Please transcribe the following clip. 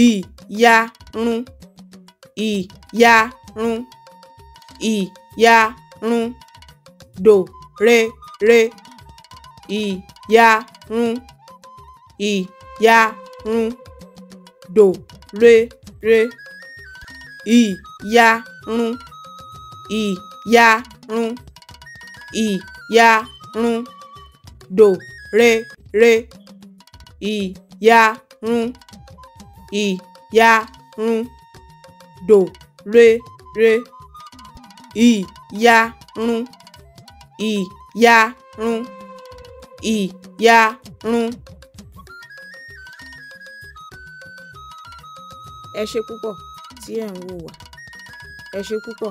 ìyarun ìyarun ìyarun dòrere ìyarun ìyarun dòrere ìyarun ìyarun ìyarun dòrere ìyarun ìyarun-dò rere ìyarun ìyarun ìyarun. ẹ ṣé púpọ̀ tí ẹ̀ ń wò wá ẹ ṣé púpọ̀